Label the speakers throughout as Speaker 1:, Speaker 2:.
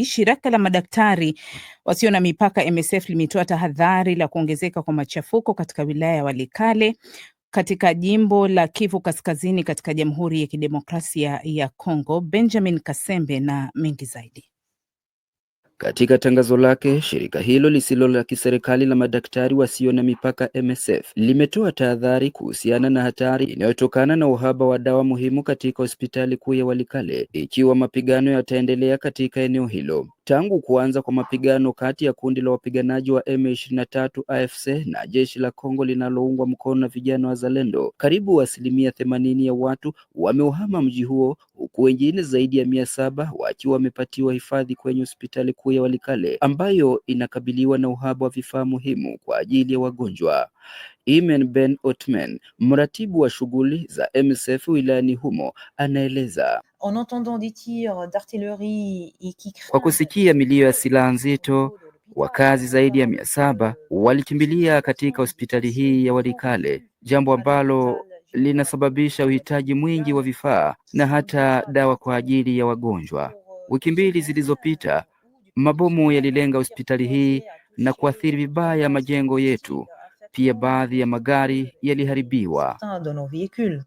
Speaker 1: Shirika la madaktari wasio na mipaka MSF limetoa tahadhari la kuongezeka kwa machafuko katika wilaya ya Walikale katika jimbo la Kivu Kaskazini katika Jamhuri ya Kidemokrasia ya Kongo. Benjamin Kasembe na mengi zaidi.
Speaker 2: Katika tangazo lake, shirika hilo lisilo la kiserikali la madaktari wasio na mipaka MSF limetoa tahadhari kuhusiana na hatari inayotokana na uhaba wa dawa muhimu katika hospitali kuu ya Walikale ikiwa mapigano yataendelea katika eneo hilo. Tangu kuanza kwa mapigano kati ya kundi la wapiganaji wa M23 AFC na jeshi la Kongo linaloungwa mkono na vijana wazalendo, karibu asilimia themanini ya watu wameuhama mji huo, huku wengine zaidi ya mia saba wakiwa wamepatiwa hifadhi kwenye hospitali kuu ya Walikale ambayo inakabiliwa na uhaba wa vifaa muhimu kwa ajili ya wagonjwa. Imen Ben Otman, mratibu wa shughuli za MSF wilayani humo, anaeleza.
Speaker 3: Kwa
Speaker 4: kusikia milio ya silaha nzito, wakazi zaidi ya mia saba walikimbilia katika hospitali hii ya Walikale, jambo ambalo linasababisha uhitaji mwingi wa vifaa na hata dawa kwa ajili ya wagonjwa. Wiki mbili zilizopita, mabomu yalilenga hospitali hii na kuathiri vibaya majengo yetu pia baadhi ya magari yaliharibiwa.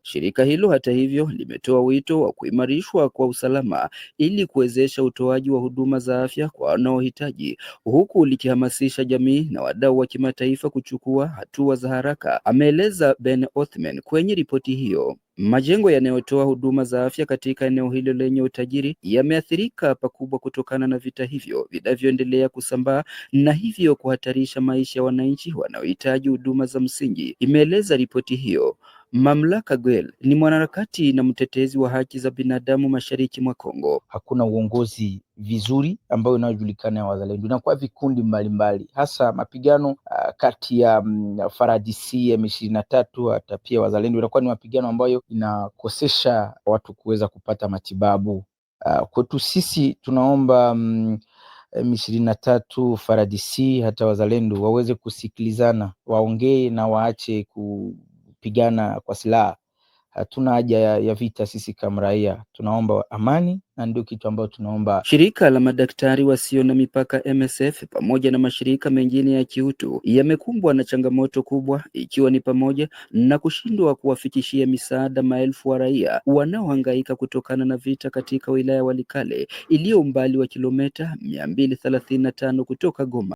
Speaker 2: Shirika hilo hata hivyo limetoa wito wa kuimarishwa kwa usalama ili kuwezesha utoaji wa huduma za afya kwa wanaohitaji, huku likihamasisha jamii na wadau wa kimataifa kuchukua hatua za haraka, ameeleza Ben Othman kwenye ripoti hiyo. Majengo yanayotoa huduma za afya katika eneo hilo lenye utajiri yameathirika pakubwa kutokana na vita hivyo vinavyoendelea kusambaa na hivyo kuhatarisha maisha ya wananchi wanaohitaji huduma za msingi, imeeleza ripoti hiyo. Mamlaka Gwel ni mwanaharakati na mtetezi wa haki za binadamu mashariki mwa Kongo.
Speaker 5: Hakuna uongozi vizuri ambayo inayojulikana ya wazalendo, inakuwa vikundi mbalimbali mbali. Hasa mapigano uh, kati ya um, mm, FARDC M 23 na tatu hata pia wazalendo, inakuwa ni mapigano ambayo inakosesha watu kuweza kupata matibabu. Uh, kwetu sisi tunaomba um, M ishirini na tatu, FARDC hata wazalendo waweze kusikilizana, waongee na waache ku kupigana kwa silaha. Hatuna haja ya, ya vita. Sisi kama raia tunaomba amani, na ndio kitu ambacho tunaomba.
Speaker 2: Shirika la madaktari wasio na mipaka MSF pamoja na mashirika mengine ya kiutu yamekumbwa na changamoto kubwa, ikiwa ni pamoja na kushindwa kuwafikishia misaada maelfu wa raia wanaohangaika kutokana na vita katika wilaya Walikale iliyo umbali wa kilomita mia mbili thelathini na tano kutoka Goma.